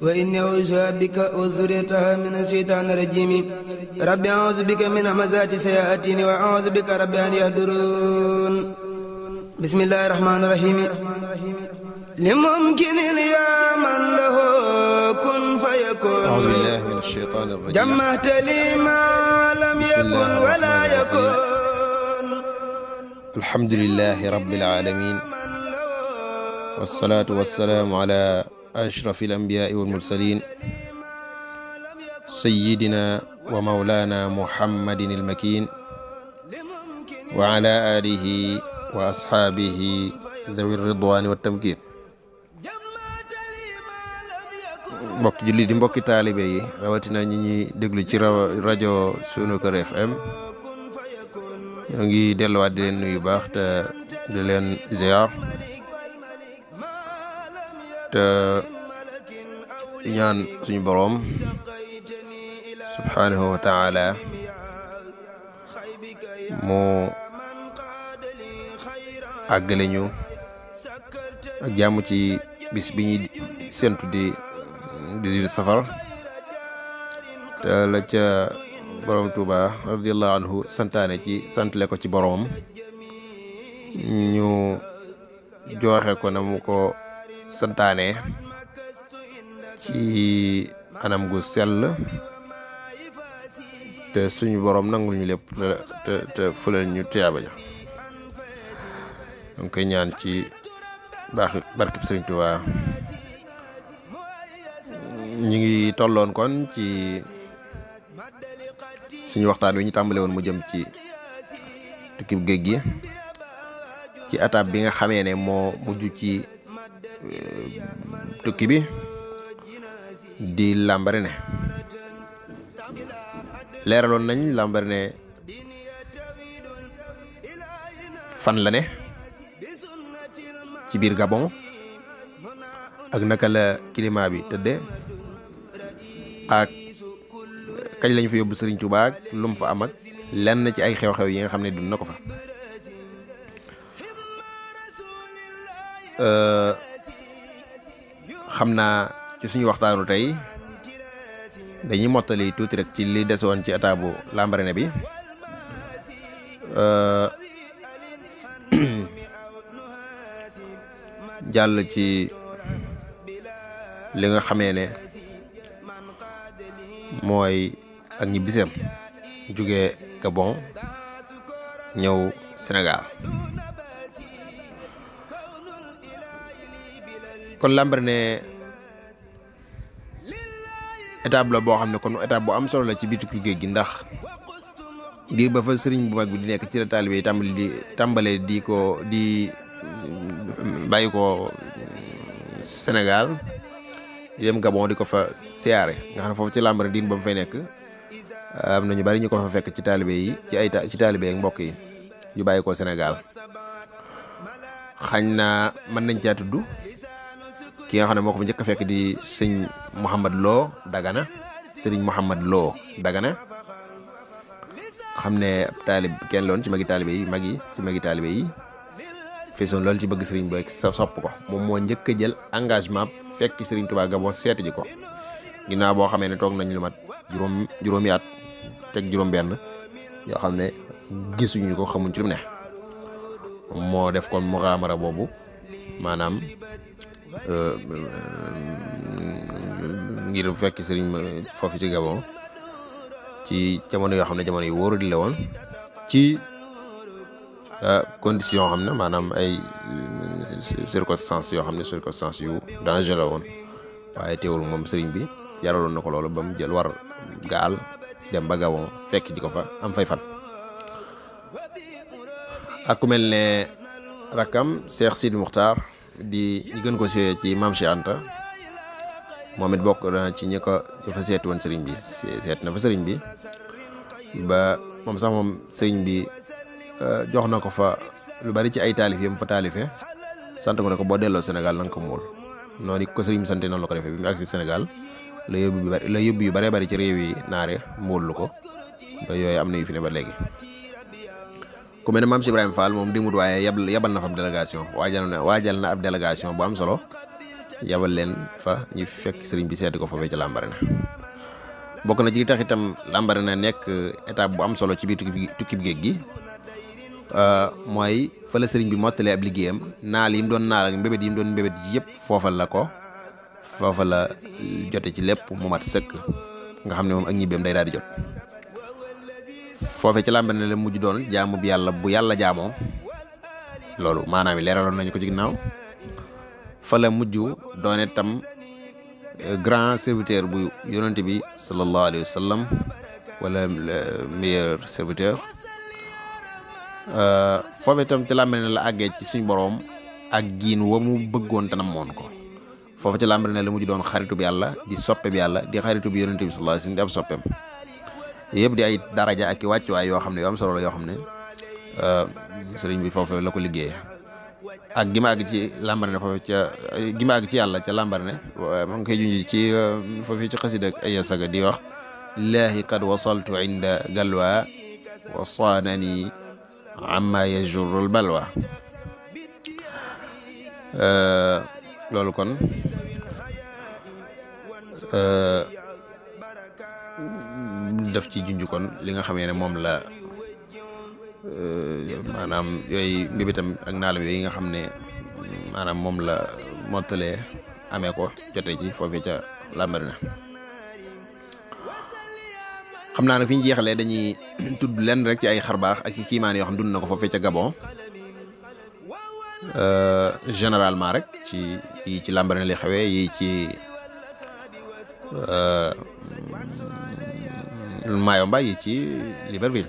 وإني أعوذ بك وذريتها من الشيطان الرجيم ربي أعوذ بك من همزات سيأتيني وأعوذ بك ربي أن يهدرون بسم الله الرحمن الرحيم لممكن يا من له كن فيكون أعوذ بالله من الشيطان الرجيم جمعت لي ما لم يكن ولا يكون الحمد لله رب العالمين والصلاة والسلام على أشرف الأنبياء والمرسلين سيدنا ومولانا محمد المكين وعلى آله وأصحابه ذوي الرضوان والتمكين mbokki jullit yi mbokki taalibe yi rawatina ñi ñuy déglu ci rajo sunu kër FM ñoo ngi delluwaat di leen nuyu baax te di leen ziar te ñaan suñu boroom subhaanahu wa taala mu àggale ñu ak ci bis bi ñuy séntu di 18 safar te la ca borom Touba radiallahu anhu santaane ci santale ko ci boroom ñu joxe ko na mu ko santane ci anam gu sel te suñu borom nangul ñu lepp te te fulen ñu tiyaba ja donc ñaan ci bax barke Serigne Touba ñi ngi tollon kon ci suñu waxtaan wi ñu tambalé won mu jëm ci tukib geeg gi ci étape bi nga xamé né mo mujju ci tukki bi di Lambaréné leeraloon nañ Lambaréné fan la ne ci biir Gabon ak naka la climat bi tëdde ak kañ lañ fa yóbbu sëriñ Touba ak lu fa am ak lenn ci ay xew-xew yi nga xam ne dund ko fa. Euh, xam naa ci suñu waxtaanu tey dañuy mottali tuuti rek ci li desoon ci état bu bi euh, jàll ci li nga xamee ne mooy ak ñi biseem jóge Gabon ñëw Sénégal kon Lambaréné étape la boo xam ne kon étape bu am solo la ci bitiku géej gi ndax diir ba fa sëriñ bu mag bi di nekk ci la taalibe yi tàmbali di tàmbalee ko di mm, bàyyi ko Sénégal di dem di ko fa siyaare nga xam ne foofu ci Lambaréné diir ba mu fay nekk am na ñu bari ñu ko fa fekk ci taalibe yi ci ay ci taalibe ak mbokk yi yu bàyyi ko Sénégal xañ na mën nañ caa tudd. ki nga xamne moko moo ko fekk di sëñ Muhammad Lo Dagana sëriñ Muhammad Lo Dagana xamne talib taalib kenn loon ci magi taalibe yi magi ci magi taalibe yi fesson lol ci bëgg sëriñ bi sa sopp ko mom mo njëkk jël engagement fekk sëriñ touba gabo sét ji ko ginaa bo xamé ne tok nañ lu mat juroom juroom yaat tek juroom benn yo xam gisuñu ko xamuñ ci lu ne mo def kon muxaamara bobu manam Euh, ngir fekk sëriñ foofu ci Gabon ci jamono yoo xam ne jamono yu wóoru di la woon ci euh, condition xam ne maanaam ay euh, circonstances yoo xam ne circonstances yu danger la woon waaye teewul moom sëriñ bi jaraloon na ko loolu ba mu jël war gaal dem ba Gabon fekk ji ko fa am fay fan ak ku mel ne rakkam Cheikh Sidi Muxtaar di ñu gën ko siwee ci maam Cheikh Anta moom it bokk na ci ñi ko dafa seet woon sëriñ bi seet na fa sëriñ bi ba moom sax moom sëriñ bi euh, jox na ko fa lu bari ci ay taalif yi mu fa taalife sant ko ne ko boo delloo senegal na nga ko muul noonu ko sëriñ bi sante noonu la ko defee bi mu agsi Sénégal la yóbbu yu bari la baree bari ci réew yi naare mboolu ko yooyu am na yu fi ne ba léegi ku mel mam ibrahim fall mom dimut waye yabal yabal na fam delegation wajal na wajal na ab delegation bu am solo yabal len fa ñu fekk serigne bi sedd ko fa ci lambarena bokk na ci tax itam lambarena nek étape bu am solo ci bi tukki geeg gi euh moy fa la serigne bi motale ab ligéyam naal yim doon naal ak mbébét yim don mbébét yépp fofal la ko fofal la joté ci lepp mu mat sekk nga xamné mom ak ñibem day daal di jot foofe ci làmbe na la mujj doon jaamu bu yàlla bu yàlla jaamoo loolu maanaam leeraloon nañu ko ci ginnaaw fa la mujj doone tam euh, grand serviteur bu yonent bi sallallahu alayhi wa sallam wala meilleur serviteur euh, foofe itam ci làmbe na la àggee ci suñu boroom ak giin wa mu bëggoon tanam moon ko foofu ca làmbe na la mujj doon xaritu bi yàlla di soppe bi yàlla di xaritu bi yonent bi sallallahu alayhi wa di ab soppeem yëpp di ay daraja ak i yoo xam ne yoo am solo la yoo xam ne euh, sëriñ bi foofu la ko liggéeyee ak gimaag ci làmbar ne foofu ca ci yàlla ca làmbar ne mu ngi koy junj ci euh, foofu ci xasida ak di wax laahi qad wasaltu inda galwa wa saanani amma yajurul balwa euh, loolu kon def ci junj kon li nga xamee ne moom la euh, maanaam yooyu mbibitam ak naalam yooyu nga xam ne moom la mottalee amee ko jote ci foofee ca làmbari xam naa ne fi ñu jeexalee dañuy tudd lenn rek ci ay xarbaax ak i kiimaan yoo xam dund na ko foofee ca Gabon euh, généralement rek ci yi ci làmbari na li xewee yi ci euh, Mayomba yi ci Libreville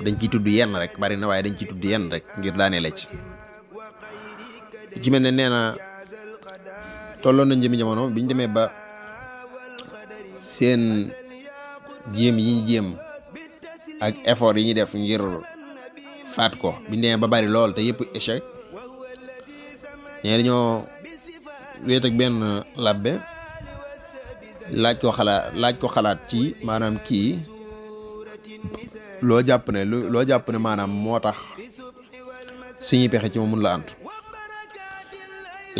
dañ ciy tudd yenn rek bari na waaye dañ ciy tudd yenn rek ngir daanee la ci ci mel ne nee na tolloon nañ jëmi jamono demee ba seen jéem yi ñu jéem ak effort yi ñuy def ngir faat ko biñ demee ba bari lool te yëpp échec ñee dañoo wéet ak benn labbe laaj ko xalaat laaj ko xalaat ci maanaam kii loo jàpp ne lu loo jàpp ne maanaam moo tax suñuy pexe ci ma mun la ànd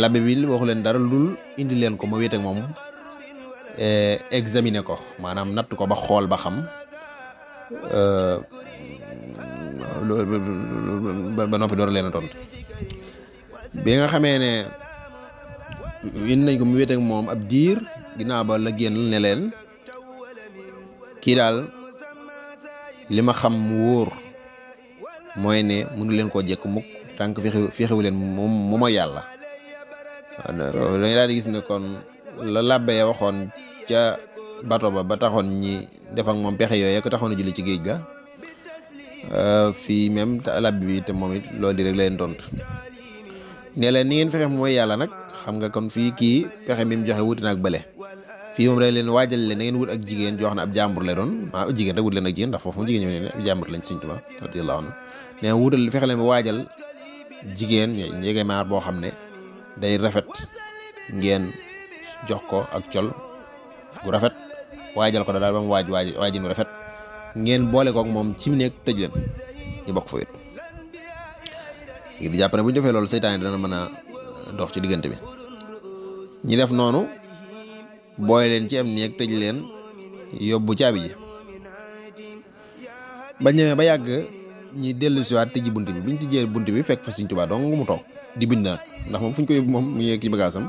labbe bi waxu leen dara lul indi leen ko ma wéet ak moom eh, examiner ko maanaam natt ko ba xool ba xam eh, ba noppi door leen a tontu bi nga xamee ne indi nañ ko mu wéet moom ab diir ginaaw ba la génn ne leen kii daal li ma xam mu wóor mooy ne mënu leen koo jekk mukk tànk fexewu leen moom mu mooy yàlla dañu daal di gis ne kon la làbbe ya waxoon ca bato ba ba taxoon ñi def moom pexe yooyu ko taxoon a julli ci géej ga euh, fii même te bi te moom it loolu di rek leen tontu ne leen ni ngeen fexe mooy yàlla nag xam nga kon fii kii pexe mi mu joxe wuti na ak fii moom day leen waajal leen na wut ak jigéen joo xam ne ab jàmbur doon ah jigéen rek wut leen ak jigéen ndax foofu moom jigéen ñi ne ab jàmbur lañ Sëriñ Tuubaa radiyallaahu anhu ne wutal fexe leen ba waajal jigéen njege maar boo xam ne day rafet ngeen jox ko ak col gu rafet waajal ko daal ba mu waaj waaj waajin rafet ngeen boole kook moom ci mu nekk tëj leen ñu bokk fa wet ngir di jàpp bu ñu defee loolu seytaane dana mën a dox ci diggante bi ñu def noonu booy leen ci am néeg tëj leen yóbbu caabi ji ba ñëwee ba yàgg ñi dellu siwaat tëjji bunt bi bi ñu tijjee bunt bi fekk fa Sëñ Tuubaa dong mu toog di bind na ndax moom fu ñu ko yóbbu moom mu yegg ci bagaasam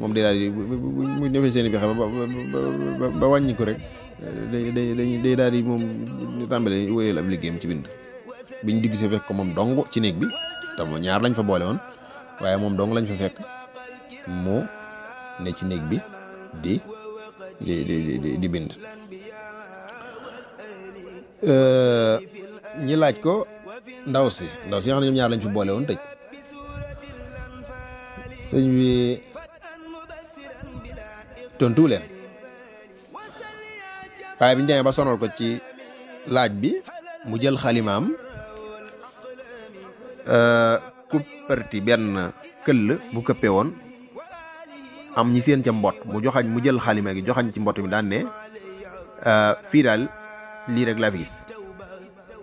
moom day daal di mu defee seen i pexe ba ba wàññi ko rek day day day daal di moom tàmbale wéyal ab liggéeyam ci bind bi ñu digg si fekk ko moom dong ci néeg bi tam ñaar lañ fa boole woon waaye moom dong lañ fa fekk mu ne ci néeg bi di di di di, di di bind euh ñi laaj ko ndaw si ndaw si xamna xam ñaar lañ fi bolé won tej señ wi tontu leen waaye biñ demee ba sonal ko ci laaj bi mu jël khalimam euh ku parti ben keul bu këppee won am ñi seen ca mbott mu joxañ mu jël xalima gi joxañ ci mbott mi daan ne euh, fii daal lii rek laa fi gis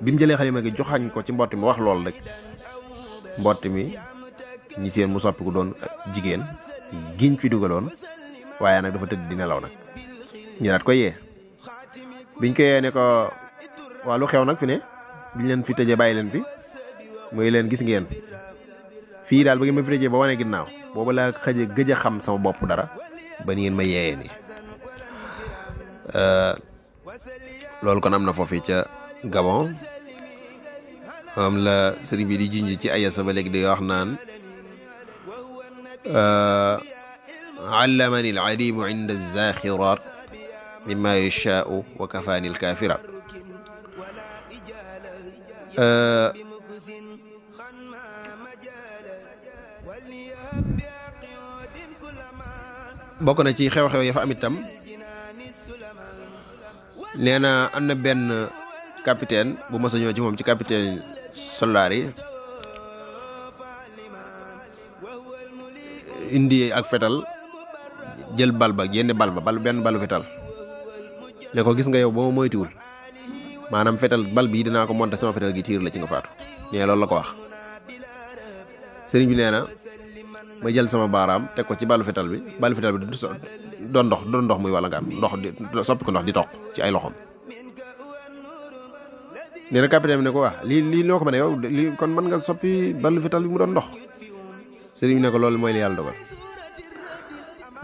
bi mu jëlee xalima gi joxañ ko ci mbott mi wax lool rek mbott mi ñi seen mu soppiku doon euh, jigéen giñ fi dugaloon waaye nag dafa tëdd di nelaw nag ñu daat ko yee biñ ko yee ne ko waa lu xew nag fi ne biñ leen fi tëjee bàyyi leen fi muy leen gis ngeen fi dal ba ngeen ma fi dajee ba wone ginnaw bobu la xajé a xam sama bop dara ba ngeen ma yeeyee nii loolu kon am na foofii ca Gabon am la serigne bi di junj ci ayassa ba légui day wax naan allamani alalimu inda zaxirat mimma yashaau wa kafaani alkafirat bokk na ci xew-xew ya fa am itam nee am na benn capitaine bu mos a ñëw ci moom ci capitaine soldaar yi indi ak fetal jël bal ba génne bal ba bal benn balu fetal ne ko gis nga yow boo moytuwul maanaam fetal bal bii dinaa ko monter sama fetal gi tiir la ci nga faatu nee loolu la ko wax sëriñ bi nee ma jël sama baaraam teg ko ci bàllu fetal bi bàllu fetal bi doon ndox doon ndox muy wala ngaan ndox di soppi ko ndox di toq ci ay loxoom. nee na bi ne ko waa lii lii loo ko mën lii kon mën nga soppi bàllu fetal bi mu doon ndox sëriñ bi loolu mooy li yàlla dogal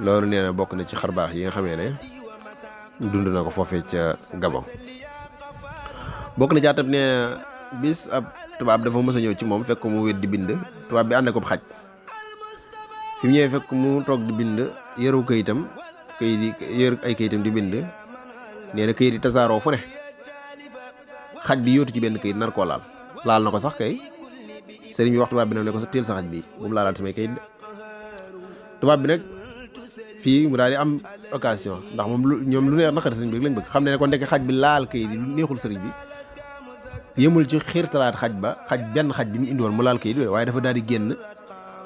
loolu nee bokk na ci xarbaax yi nga xamee ne dund na ko foofee ca Gabon bokk na ci atam ne bis ab tubaab dafa mës a ñëw ci moom fekk mu di bind tubaab bi ànd ko xaj. fi ñëwee fekk mu toog di bind yëru këyitam këyit yi yër ay këyitam di bind nee na këyit yi tasaaroo fu ne xaj bi yóotu ci benn këyit nar koo laal laal na ko sax kay sëriñ bi wax tubaab bi nag ne ko sa teel sa xaj bi bu bi nag fii mu daal am occasion ndax moom lu ñoom lu neex naqari sëriñ bi xam ne ne ko ndekk bi laal këyit yi lu neexul sëriñ bi yëmul ci xiirtalaat xaj ba xaj benn xaj bi mu indiwoon mu laal këyit waaye dafa daal di génn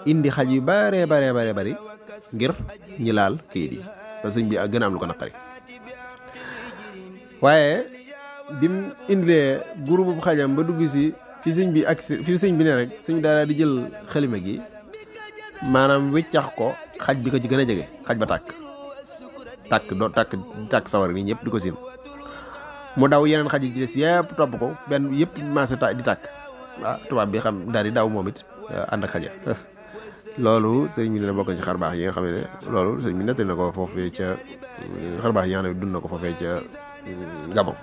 indi xaj yu bare bare bare bare ngir ñi laal kii di ba sëñ bi gën am lu ko naqari waaye bim indilee groupe bu xajam ba dugg si fi sëñ bi ak fi sëñ bi ne rek sëñ daara di jël xalima gi maanaam wéccax ko xaj bi ko ci gën a jege xaj ba tàkk tàkk do tàkk tàkk sawar bi ñëpp di ko siin mu daw yeneen xaj yi ci des yëpp topp ko benn yëpp maase ta di tàkk waaw tubaab bi xam daal di daw moom it ànd ak ya. loolu sëñ bi ne bokk ci xar yi nga xam ne loolu sëñ bi nettali na ko foofee ca xar baax yi nga xam ne dund na ko foofee ca mm, Gabon.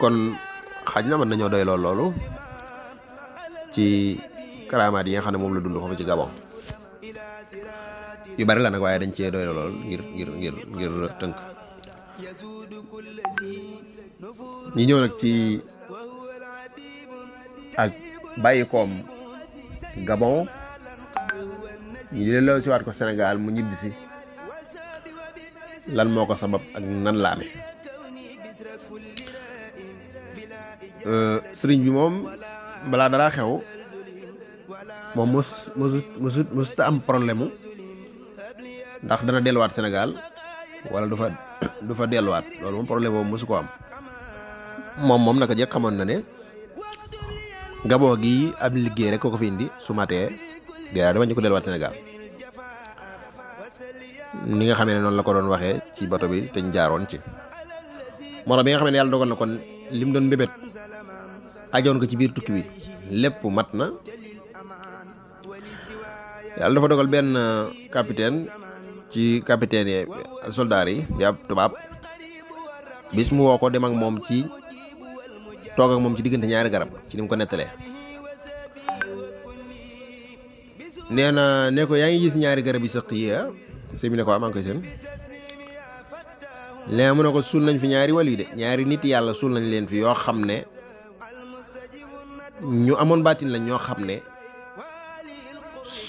kon xaj na mën nañoo doy lool loolu ci karaamaat yi nga xam ne moom la dund foofu ci Gabon. yu bari la nag waaye dañ cee doy lool ngir ngir ngir ngir tënk ñi ñëw nag ci ak bàyyi koom Gabon ñi di leen si waat ko Sénégal mu ñibbisi lan moo ko sabab ak nan la amee euh, sëriñ bi moom balaa dara xew moom mos mosut mosut am problème ndax dana delluwaat Sénégal wala du fa du fa delluwaat loolu moom problème mosu ko am moom moom naka jekk xamoon na ne Gabon gi am liggéey rek ko ko fi indi su matee dara dama ñu ko delluwaat Sénégal nga xamee noonu la ko doon waxee ci bato bi te jaaroon ci moo tax bi nga xamee ne yàlla dogal na kon lim doon mbébét ajoon ko ci biir tukki bi lépp mat na yàlla dogal benn capitaine ci capitaine yi soldaar yi di ab bis mu woko momchi dem ak mom ci tok ak mom ci digënté ñaari garab ci nim ko netalé nee na ko yaangi gis ñaari garab yi sax ah? yi sëñ mi né ko am ah, koy seen nee mu ne ko sul nañ fi ñaari walu dé ñaari nit yalla sul nañ leen fi yo xamné ñu amon baatin la ño xamné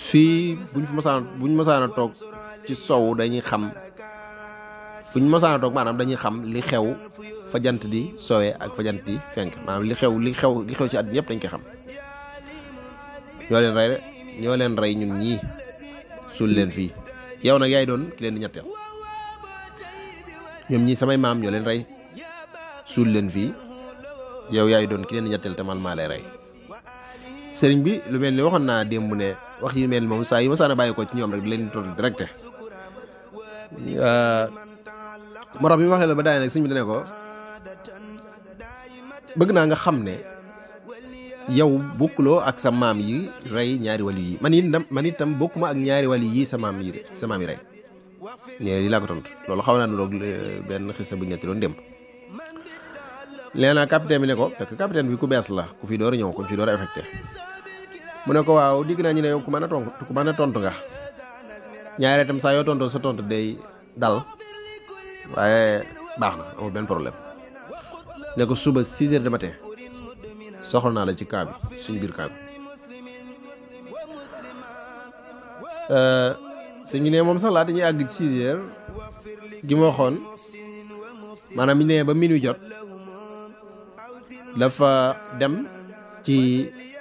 fi buñ fi masaan buñ ci sow dañuy xam fu ñu mosaan toog maanaam dañuy xam li xew fajant jant di sowee ak fa jant di fenk maanaam li xew li xew li xew ci àddina yëpp dañ koy xam ñoo leen rey ñoo leen rey ñun ñii suul leen fii yow nag yaay doon ki leen di ñetteel ñii samay maam ñoo leen rey suul leen fii yow yaay doon ki leen di te man maa lay rey sëriñ bi lu mel ni waxoon naa démb ne wax yu mel moom saa yi ma saan bàyyi ko ci ñoom rek di leen di tontu directe Ya. morom bi waxe la ba day nak seigne bi dane ko bëgg na nga xam yow bokkuloo ak sa mam yi ray ñaari wali yi man itam man itam bokkuma ak ñaari wali yi sa mam yi sa mam yi ray ñee li laa ko tont lolu xawna naa ben euh, benn bu ñetti doon dem nee capitaine bi ne ko fekk capitaine bi ku la ku fi door fi door affecté mu ne ko waaw dig naa ne yow ku mën tont ku mën tont nga ñaare itam saa yoo tontoo sa tontu day dal waaye baax na amul benn problème ne ko suba 6 heures du matin soxla naa la ci kaa suñ suñu biir kaa bi euh, nee moom sax laata ñuy àgg ci 6 heures waxoon maanaam ñu nee ba minuit jot dafa dem ci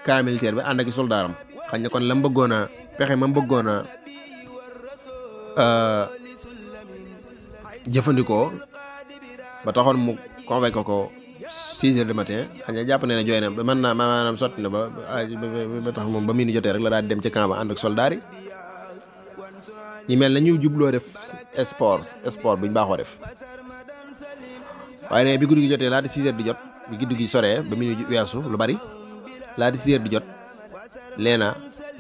kaa bi ànd ak soldaaram xañ na kon la bëggoon a pexe ma bëggoon a Euh, jëfandikoo ba taxoon mu convaincre ko 6 heures du matin xëy na jàpp ne ne jooy na mën naa maanaam sotti na ba ba tax moom ba muy jotee rek la daal dem ci camp ba ànd ak soldaar yi ñi mel na ñuy jubloo def sport sport bu ñu baaxoo def waaye ne bi guddi gi jotee laata 6 heures di jot bi guddi gi soree ba mu ñu weesu lu bari laata 6 heures di jot nee na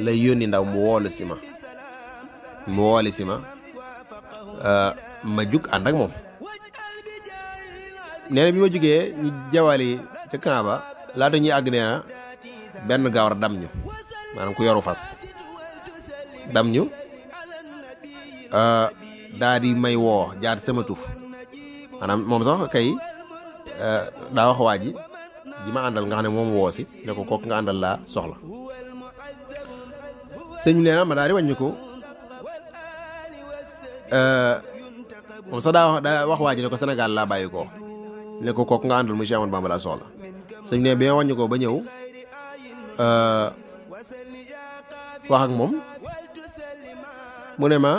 lay yónni ndaw mu woo la si mu woole si ma euh, ma jug ànd ak moom nee na bi ma jugee ñu jawali ca camp ba laata ñuy àgg nee na benn gaawar dam ñu maanaam ku yoru fas dam ñu euh, daa di may woo jaar sama tur maanaam moom sax kay euh, daa wax waa ji ji ma àndal nga xam ne moom woo si ne ko kooku nga àndal laa soxla sëñ bi nee ma daal di wàññi ko Euh, moom sax daa wax waa ji ne ko laa bàyyi koo ne ko kooku nga àndal mu Cheikh Ahmadou Bamba laa soxla sëñ ne bi ma wàññi ko ba ñëw euh, wax ak moom mu ne ma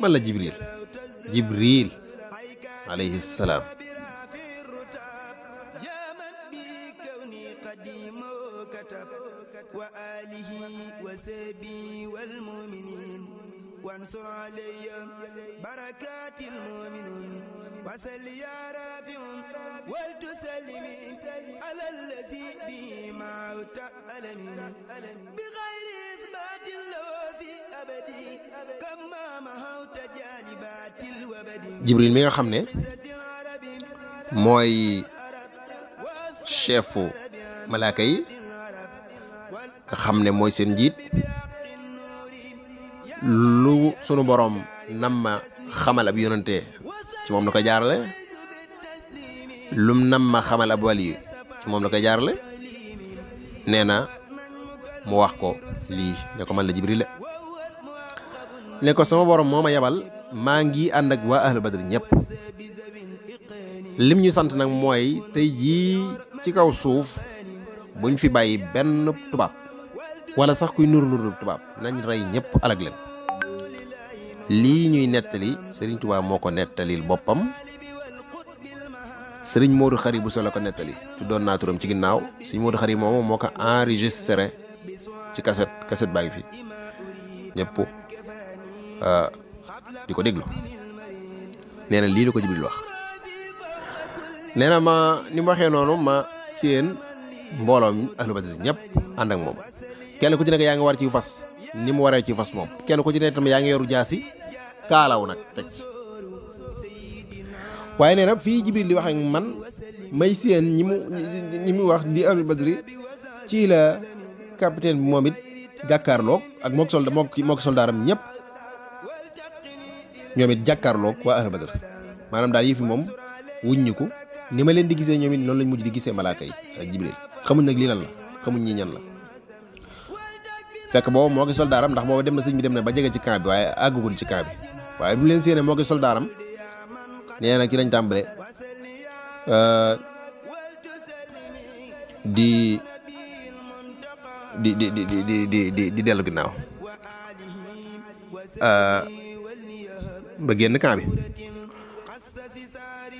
man la Jibril Jibril alayhi فسل يا رافع ولتسلمي على الذي بما تألمي بغير إثبات له في أبدي كما مهوت جالبات الوبد جبريل ميغا خامني موي chefu malaaka yi nga xam ne mooy seen njiit lu sunu boroom nam ma xamal ab yonante ci moom la koy jaarale lum nam ma xamal ab wàll yi moom la koy jaarale nee na mu wax ko lii ne ko man la Jibril ne ko sama borom moo ma yebal maa ngi ànd ak waa ahlu badr lim ñu sant nag mooy tey jii ci kaw suuf buñ fi bàyyi benn tubaab wala sax kuy nur nur tubaab nañ rey ñëpp alag leen li ñuy netali serigne touba moko ko bopam serigne Modou Khari bu solo ko tu tuddoon na turam ci ginnaw serigne Modou Khari momo moko enregistrer ci cassette cassette baangi fi ñepp euh, di diko deglu neena li lako wax neena ma ni waxe nonu ma seen mbolom ahlu badr ñepp and ak mom kenn ku ci nek yaa war ci fas ni mu waré ci fas mom kenn ku ci tam yoru jasi kaalaw nag teg waaye nee na fii Jibril di wax ak man may seen ñi mu ñi wax di Abdul Badri ci la capitaine bi moom it jàkkaarloog ak mook solda mook mook soldaaram ñëpp ñoom it jàkkaarloog waa Ahlu Badr maanaam daal yëfi moom wuññi ko ni ma leen di gisee ñoom it loolu lañ mujj di gisee malaaka yi ak Jibril xamuñ nag lii lan la xamuñ ñi ñan la fekk boobu moo ki soldaaram ndax boobu dem na sëñ bi dem na ba jege ci camp bi waaye àggagul ci camp waaye bi mu moo ki soldaaram nee na ci lañ tàmbale euh, di di di di di di di di dellu ginnaaw euh, ba génn camp bi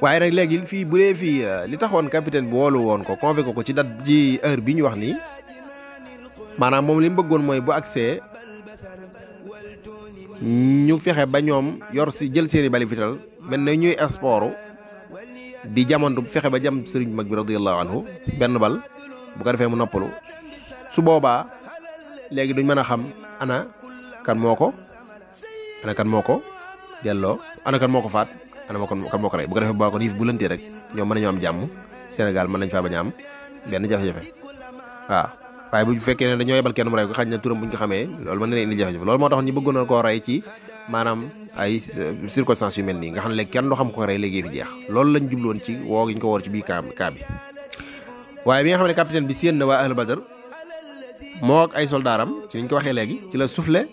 waaye nag léegi fii bu dee fii euh, li taxoon capitaine bi woolu woon ko convoqué ko ci date ci heure bi ñu wax nii manam mom lim mu moy bu accès ñu fexé ba ñom yor si jël seeni bali fital ben na ñuy esport di jamandu fexé ba jam serigne mag bi radiyallahu anhu ben bal bu ko defé mu noppalu su boba légui duñ mëna xam ana kan moko ana kan moko dello ana kan moko fat ana moko kan moko ray bu ko defé bako ni bu lëntee rek ñom mëna ñu am jàmm Sénégal mëna ñu fa ba ñam ben jafé jafe ah waaye bu fekkee ne dañoo yebal kenn mu rey ko xaj na turam bu ñu ko xamee loolu mën na indi jafe-jafe loolu moo tax maanaam ay circonstances yu mel nii nga xam ne kenn du xam ko rey léegi fi jeex loolu lañ jubloon ci woo gi ñu ko woor ci biir kaa kaa waaye bi nga xam ne capitaine bi séen na waa Ahl Badr moo ak ay soldaaram ci niñ ko waxee léegi ci la soufflé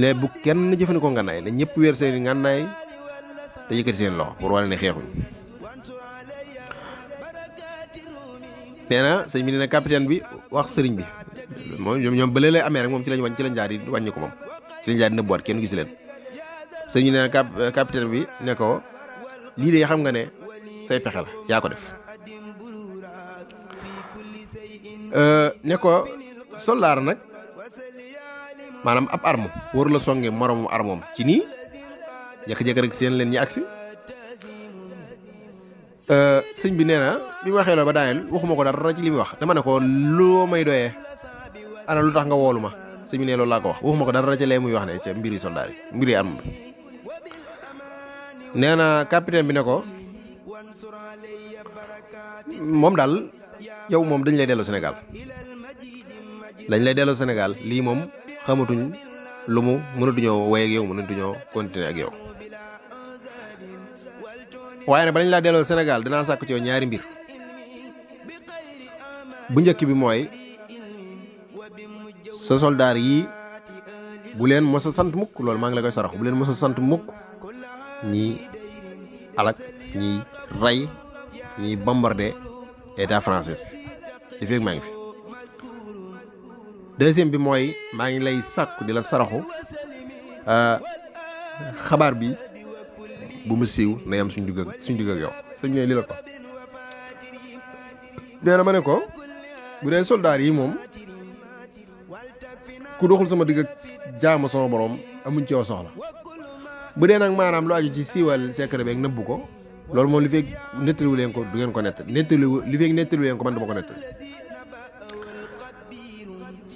ne bu kenn jëfandikoo ngànnaay ne ñëpp wéer seen i ngànnaay te yëkkati seen loxo pour wane ne xeexuñ nee na sëñ bi nee capitaine bi wax sëriñ bi moom ñoom bële lay amee rek moom ci lañ wàññi ci lañ jaar di wàññi ko moom ci lañ jaar di nëbbuwaat kenn gis leen euh, bi ne ko lii de xam nga ne say pexe la yaa ko def euh, ne ko soldaar nag maanaam ab arme waru la songe moroomu armoom ci nii jékki-jékki rek seen leen ñi agsi Euh, sëñ bi nee na bi ma waxee loo ba daaneel waxuma ko dara ci li muy wax dama ne ko loo may doyee lu tax nga woolu ma sëñ bi nee ko wax ko dara ci muy wax ne ca mbiri soldaar yi mbiri am nee na capitaine bi ne ko moom daal yow moom dañ lay dellu Sénégal dañ lay dellu Sénégal lii moom xamatuñ lu mu mënatuñoo wéy ak yow mënatuñoo continuer ak yow. waaye nag balañ laa delloo Sénégal danaa sàkk ci ñaari mbir bu njëkk bi mooy sa soldaar yii bu leen mos sant mukk loolu maa ngi la koy sarax bu leen mos sant mukk ñi alak ñi rey ñi bombardé état français bi li fekk maa ngi fi deuxième bi mooy maa ngi lay sàkku di la saraxu euh, xabaar bi bu mu siiw na yam suñu dugg suñu dugg ak yow sëñ ne li la ko nee na ma ne ko bu dee soldat yi moom ku doxul sama digg ak jaamu sama borom amuñ ci yow soxla bu dee nag maanaam lu aju ci siiwal secret beeg nëbbu ko loolu moom li feeg nettaliwu leen ko du ngeen ko nettali nettali li leen ko man dama ko nettali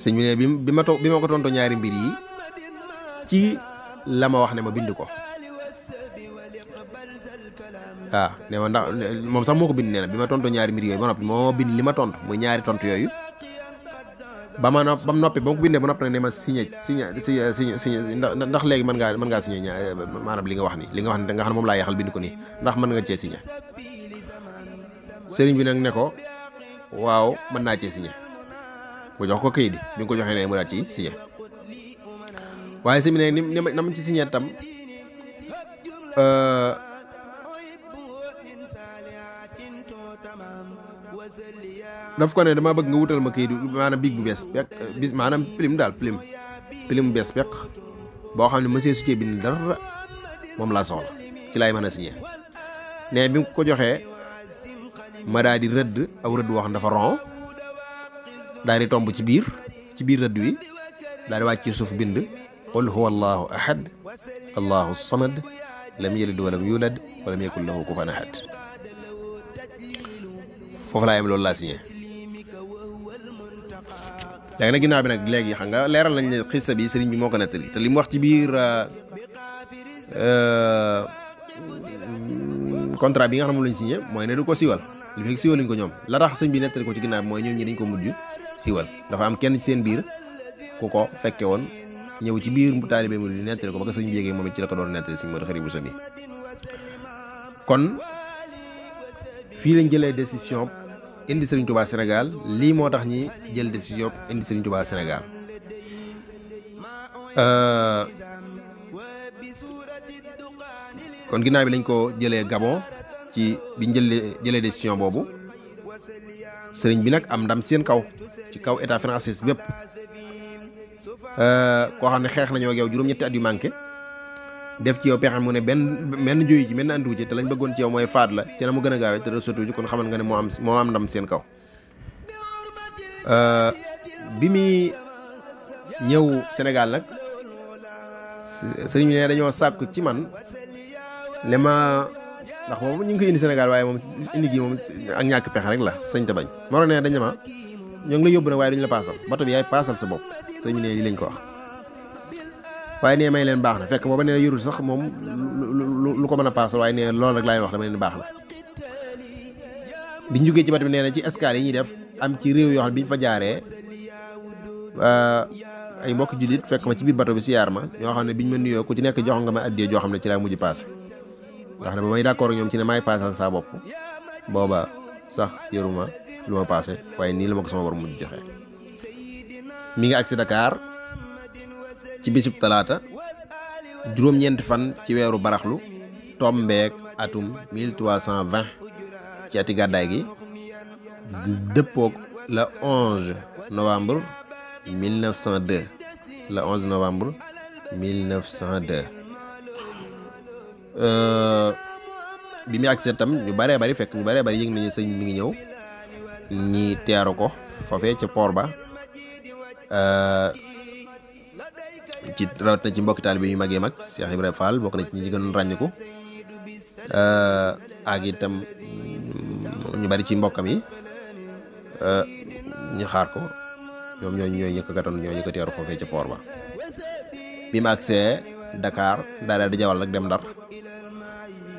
sëñ bi ne bi ma to bi ma ko tonto ñaari mbir yi ci lama wax ne ma bind ko waaw ne ma moom sax ko bind nee bi ma tontu ñaari mbir yooyu ba noppi moo ma bind li ma tontu muy ñaari tontu yooyu ba ma nopp ba mu noppi ba ba noppi nag ne ma signé signé signé ndax léegi mën ngaa mën ngaa signé ñaar maanaam li nga wax ni li nga wax ni nga xam ne moom laa yeexal bind ko nii ndax bi nag ne ko mën naa cee signé mu jox ko kayit bi bi ko joxee ne mu ci signé waaye sëriñ bi ne ni ma ci signé tam. Euh, daf ko ne damaa bëgg nga wutal ma kayit maana big bu bees peq bis maanaam prime daal prime prime bu bees peq boo xam ne monsieur su cee bind dara moom laa soxla ci laay mën a signé ne bi ko joxee ma daal di rëdd aw rëdd wax dafa ron daal di tomb ci biir ci biir rëdd wi daal di wàcc ci suuf bind qul huwa allahu ahad allahu samad lam yalid walam yulad walam yakun lahu kufuwan ahad foofu laa yem loolu laa signé léegi nag ginnaaw bi nag léegi xam nga leeral nañ ne xissa bi sëriñ bi moo ko nettali te li mu wax ci biir contrat bi nga xam ne lañ signé mooy ne du ko siwal li fekk siwaluñ ko ñoom la tax sëñ bi nettali ko ci ginnaaw bi mooy ñoom ñi dañ ko mujj siwal dafa am kenn ci seen biir ku ko fekke woon ñëw ci biir bu taalibe mu di nettali ko ba ko sëñ bi yéegee moom it ci la ko doon nettali sëñ Modou Khari Bousso mi kon fii lañ jëlee décision indi Serigne Touba Sénégal lii moo tax ñi jël décision indi Serigne Touba Sénégal euh, kon ginnaaw bi lañ ko jëlee Gabon ci biñ jëlee jëlee décision boobu sëriñ bi nag am ndam seen kaw ci kaw état français bépp euh, koo xam ne xeex nañoo ak yow juróom-ñetti at yu manqué. def ci yow pexe mu ne benn benn juy ji benn andiwu ci te lañ bëggoon ci yow mooy faat la ci na mu gën a gaawee te sotu ji kon xamal nga ne moo am moo am euh, bi muy ñëw Sénégal nag sëriñ bi ne ci man ne ma ñu ngi koy indi senegal waaye moom indi gi moom ak ñàkk pexe rek la sëñ ta bañ moro ne dañ ma ñoo ngi la yóbbu nag waaye duñ la paasal bato bi yaay paasal sa bopp sëriñ bi ne lii lañ ko wax waaye nee may leen baax na fekk booba nee na yorul sax moom lu lu ko mën a paasal waaye nee loolu rek laa wax dama leen baax na biñ jógee ci bat bi nee na ci escale yi ñuy def am ci réew yoo xam ne fa jaaree euh, ay mbokk jullit fekk ma ci biir bato bi siyaar ma ñoo xam ne biñ ma nuyoo ku ci nekk jox nga ma addee joo xam ne ci laa mujj paase nga xam ne ba may d'accord ñoom ci ne maay paasal saa bopp booba sax yoruma lu ma paase waaye nii la ma ko sama war mujj joxe mi ngi agsi Dakar ci bisub talaata juróom-ñeenti fan ci weeru baraxlu tombeek atum 1320 ci ati gàddaay gi dëppook le 11 novembre 1902 le 11 novembre 1902 euh, bi mu agsee tam ñu baree bari fekk ñu baree bari yëg nañu sëñ mi ngi ñëw ñi teeru ko foofee ca port ba euh, ci rawat na ci mbokk taalibe yu magee mag Cheikh ibrahim Fall bokk na ci ñi gën euh ak itam ñu bari ci mbokam yi ñu xaar ko ñom ñoy ñoy gatan ñoy teeru fofé ci port ba bi ma accé Dakar dara di jawal nak dem dar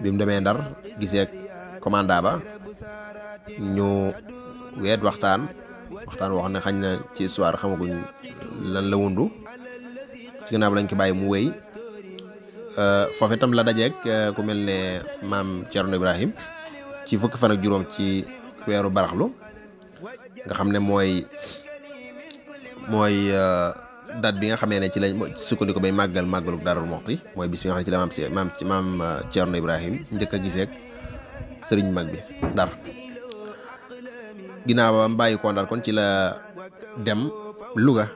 bi mu démé dar gisé commanda ba ñu wéd waxtaan waxtaan wax na xañ na ci soir xamaguñ lan la wundu ci ginnaaw lañ ko bàyyi mu wéy euh, foofu itam la dajeeg euh, ku mel ne maam Thierno Ibrahim ci fukki fan ak juróom ci weeru baraxlu nga xam ne mooy mooy euh, date bi nga xamee ne ci lañ sukkandiku bay màggal màggalu Daaru Muxti mooy bis bi nga xam ne ci la maam si Ibrahim njëkk a giseeg sëriñ mag bi Ndar ginnaaw bàyyi ko Ndar kon ci la dem Louga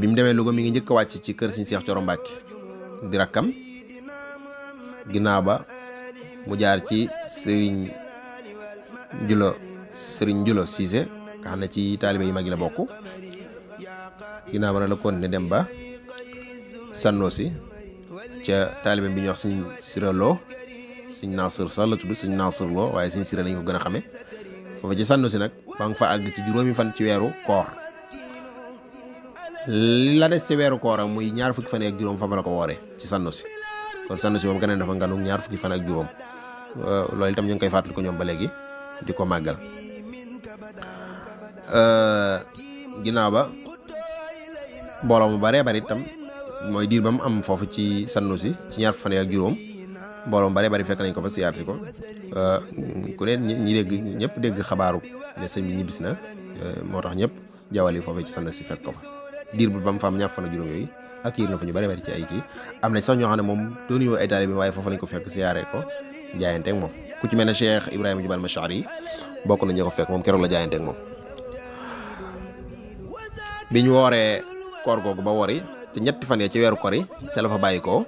bim mu demee mi ngi njëkk wacc ci kër Sëñ cheikh Coro Mbàkke di rakam ginaaba ba mu jaar ci sëriñ Njulo sëriñ Njulo Siise kana ci talibé yi magi la bokku ginaaba na la kon ne dem ba sanno ci ci talibé bi wax Sira Lo Nasir sax tuddu tudd Nasir Lo waye sëñ Sira lañ ko gën a xame ci sànnoo si nag fa ag ci juroomi fan ci wéru koor lane severu kora muy ñaar fukki fan fa la ko ci kon sannu mom kenen dafa nganu ñaar fukki fan ak juróom euh, loolu itam ñu ngi koy fatali ko ñom ba di magal euh ginaaw ba mbooloo mu bare bari itam mooy diir am fofu ci sannu si ci ñaar fane ak juróom mbooloo mu bare bari fekk nañ ko fa siar ci ko euh, ku len ñi deg ñep deg xabaaru ne señ bi ñibisna euh, motax ñep jawali fofu ci sannu ko diir bu ba mu fa am ñaar fan ak juróom yooyu ak yéen na fa ñu bari bari ci ay kii am nañ sax ñoo xam ne moom doonu ñëw ay taalibe waaye foofu lañ ko fekk siyaare ko jaayanteeg moom ku ci mel ne Cheikh Ibrahima Jubal Machar yi bokk nañ ñu ko fekk moom keroog la ñu wooree koor googu ba wori te ñetti fan yee ci weeru kor yi ca la fa bàyyi ko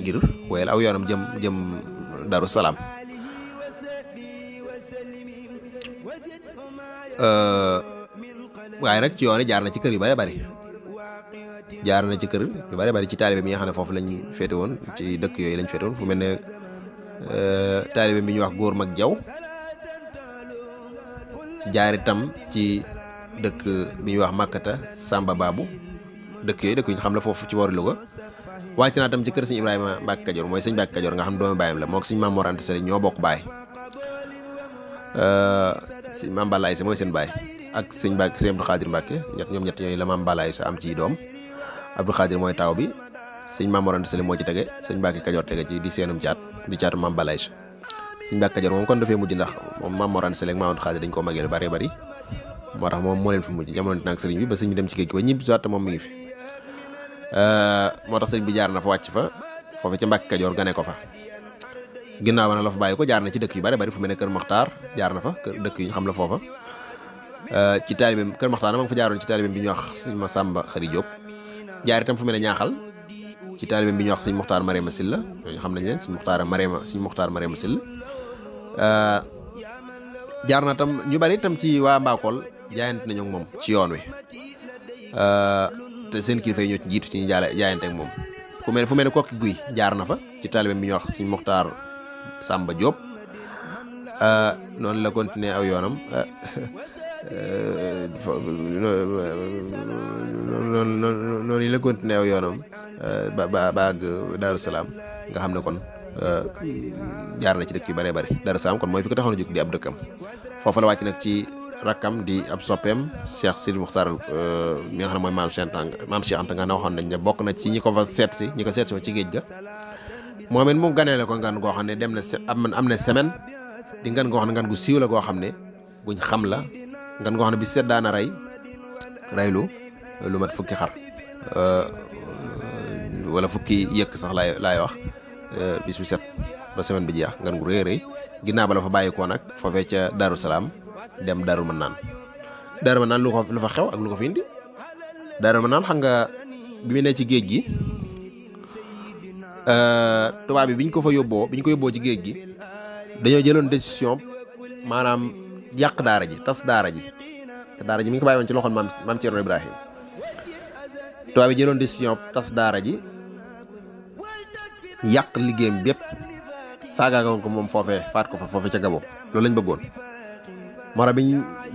ngir wéyal aw yoonam jëm jëm Daru Salaam waaye nag ci yoon yi jaar na ci kër yi bari bari jaar na ci kër yu bari bari ci taalibe bi nga xam ne foofu lañ féete woon ci dëkk yooyu lañ féete woon fu mel ne euh, taalibe ñuy wax góor mag jaw jaar itam ci dëkk bi ñuy wax Makkata Samba Babu dëkk yooyu dëkk yi xam la foofu ci boori Louga wàcc naa tam ci kër sëñ Ibrahima Mbacke Kajoor mooy sëñ Mbacke Kajoor nga xam doomu baayam la moo ko sëñ Maam Mor Anta ñoo bokk baay euh, sëñ Maam Balaay mooy seen baay ak sëñ Mbacke sëñ Abdou Khadir Mbacke ñett ñoom ñett ñooyu la Maam Balaay sa am ci doom Abdou Khadir mooy taaw bi sëñ Maam Mor moo ci tege sëñ Mbacke Kajoor tege ci di seenum caat di caatu Maam Balaye sëñ Mbacke Kajoor moom kon dafay mujj ndax moom Maam Mor Anta Sali ak dañ koo magee lu bari moo tax moom moo leen fi mujj jamono nag sëriñ bi ba sëñ bi dem ci géej gi ba ñibbi moom moo tax sëriñ bi jaar na fa wàcc fa foofu ca Mbacke Kajoor gane ko fa ginnaaw ba na la fa ko jaar na ci dëkk yu bari bari fu mel ne Kër Maxtaar jaar na fa kër dëkk yu ñu xam la foofa ci taalibeem Kër Maxtaar ma nga fa jaaroon ci taalibeem bi ñu wax sëñ Masamba Xari Diop jaar itam fu mel ne ñaaxal ci taalibeem bi ñuy wax sëñ Muxtaar Marema Silla ñooñu xam nañ leen sëñ Muxtaar Marema sëñ Muxtaar Marema Silla euh, jaar na tam ñu bari tam ci waa Mbakol jaayante nañu moom ci yoon wi euh, te seen kilifa yi ñoo ci jiitu ci ñu jaale jaayante ak moom. fu mel fu mel ne kokki guy jaar na fa ci taalibeem bi ñuy wax sëñ Muxtaar Samba Diop euh, noonu la continuer aw yoonam. noonu noonu la continué aw yoonam eh, ba ba ba àgg Daaru nga xam ne kon eh, jaar na ci dëkk yu bëree bëri Daaru kon mooy fi ko taxoon a jóg di ab dëkkam foofu la wàcc nag ci rakkam di ab soppeem Cheikh Sidi Muxtaar eh, mi nga xam ne mooy maam Cheikh Anta maam Cheikh Anta nga ne waxoon bokk na ci ñi ko fa seet si ñi ko seet ci géej ga moom it mu ganee la ko ngan goo xam ne dem na am na semaine di ngan goo xam ne ngan gu siiw la goo xam ne guñ xam la gan goo xamne bi seet ray rey lu lu mat fukki xar euh, wala fukki yek sax lay lay wax euh, bis bu set ba semaine bi jeex ngan gu reey reey ginaa ba la fa nak fa fe ca Daaru salam dem Daaru manan Daaru manan lu ko lu fa xew ak lu ko fi indi Daaru manan xam nga bi mi ne ci geej gi euh, tuba bi biñ ko fa yobbo biñ ko yobbo ci geej gi dañu jëlone décision manam yàq daara ji tas daara ji te daara ji mi ngi ko bàyyi woon ci loxol maam maam Thierno Ibrahim tubaab yi jëloon décision tas daara ji yàq liggéey liggéeyam bépp saagaagoon ko moom foofee faat ko fa foofee ca Gabon loolu lañ bëggoon mara biñ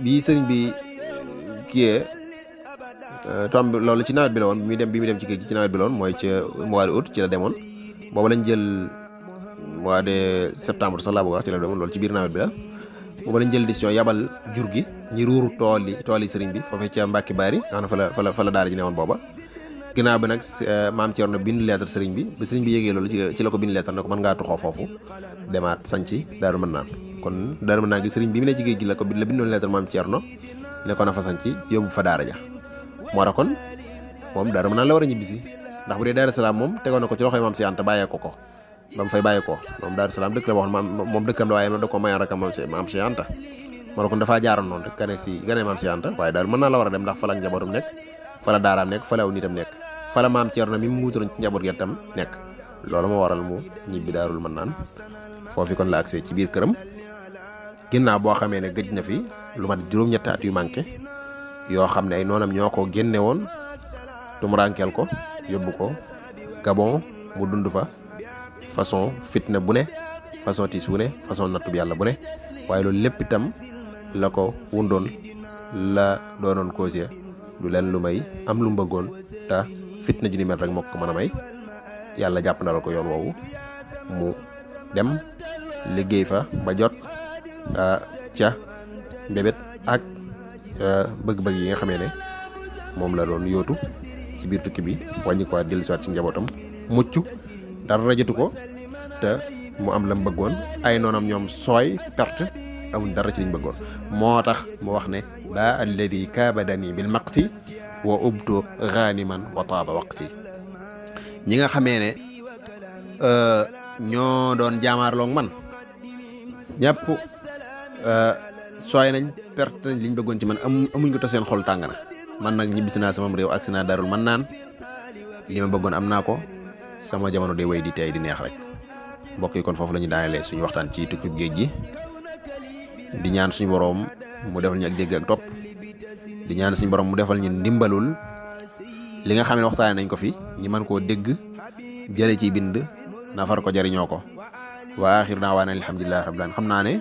bi sëriñ bi eh, kiyee eh, tomb loolu ci nawet bi la woon bi dem bi muy ci géej gi ci nawet bi la mooy ca mois de août ci la demoon boobu lañ jël mois de septembre sax laa bëgg wax ci la demoon loolu ci biir nawet bi la booba lañ jël décision yabal jur gi ñi ruru toli toli tool sëriñ bi fofé ci mbacké bari nga fa la fa la fa la daara ji néwon boba ginnaaw bi nak eh, maam yorna bind lettre sëriñ bi bi sëriñ bi yëgee lolu ci la ko bind lettre nak man nga ngaa fofu sanci daaru mën kon daaru mën naan gi sëriñ bi mi ne ci géej gi la ko la bindoon lettre maam Thierno ne ko na fa sanci yobu fa daara ja mo ra kon mom daaru mën la wara ñibisi ndax bu dé daara salam mom tegoon ci loxoy maam ci yanta bayé ko ko bam fay bayiko mom dar salam dekk la waxon mom dekkam la waye na dako mayan rakam ci mam ci anta mara ko dafa jaar non rek e si gane mam ci anta waye dal na la wara dem ndax fala njabotum nek fala dara daram nek fala aw nitam nek fala mam mam yorna mi mu ci njabot gi nek lolu mo waral mu ñibi darul nan fofi kon la accès ci bir kërëm ginaaw bo xamé ne gëj na fi lu mat juroom ñett yu manké yo xamné ay nonam ñoko génné won tum rankel ko yobbu ko gabon mu dund fa façon fitna bu ne façon tiis bu ne façon nattub yàlla bu ne waaye loolu lépp itam la ko wundoon la doonoon cause du leen lu may am lu mbëggoon te fitna ju mel rek moo ko mën a may yàlla jàpp na ko yoon woowu mu dem liggéey fa ba jot ah, ca mbébét ak ah, bëgg-bëgg yi nga xamee ne moom la doon yóotu ci biir tukki bi wàññi ko dellusiwaat ci njabootam mucc dara jëtu ko te mu am lam bëggoon ay nonam ñoom sooy perte amul dara ci liñ bëggoon moo tax mu wax ne ba alladhi kabadani bil maqti wa ubtu ghaniman wa taaba waqti ñi nga xamee ne euh, ñoo doon jaamaarloog man ñëpp euh, sooy nañ perte nañ liñ bëggoon ci man amuñ ko te seen xol tàng na man nag ñibbisi naa samam réew ak naa darul man naan li ma bëggoon am naa ko sama jamono de way di tay di neex rek mbokk yi kon fofu lañu dalalé suñu waxtaan ci tukkib geej gi di ñaan suñu borom mu defal ñu ak dégg ak top di ñaan suñu borom mu defal ñu ndimbalul li nga xam ne nañ ko fi ñi man ko dégg jëlé ci bind nafar ko jari ñoko wa axir naa alhamdulillah, rabbil alamin xamna ne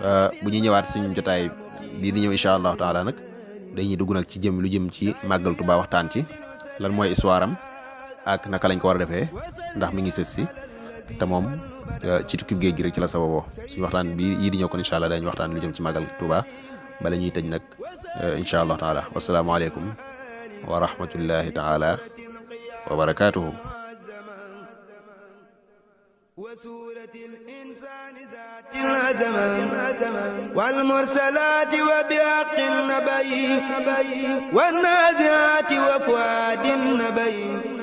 euh, bu ñi ñëwaat suñu jotaay di di ñëw inshallah taala nak dañuy dugg nak ci jëm lu jëm ci magal tuba waxtaan ci lan moy iswaram ak naka lañ ko war a defee ndax mi ngi sës si te moom euh, ci tukkib géej gi rek ci la sababoo suñu waxtaan bi yii di ñëw kon incha allah dañu waxtaan lu jëm ci màggal Tuuba bala ñuy tëj nag euh, incha allah taala wasalaamaaleykum wa rahmatullahi taala wa barakaatuhu وسورة الإنسان ذات الأزمان والمرسلات وبحق النبي والنازعات وفؤاد النبي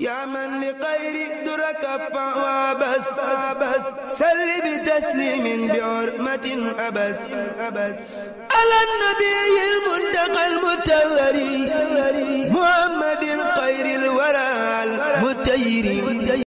يا من لغيري درك فوابس سل بتسليم بعرمة أبس على النبي المنتقى المتوري محمد خير الورى المتيري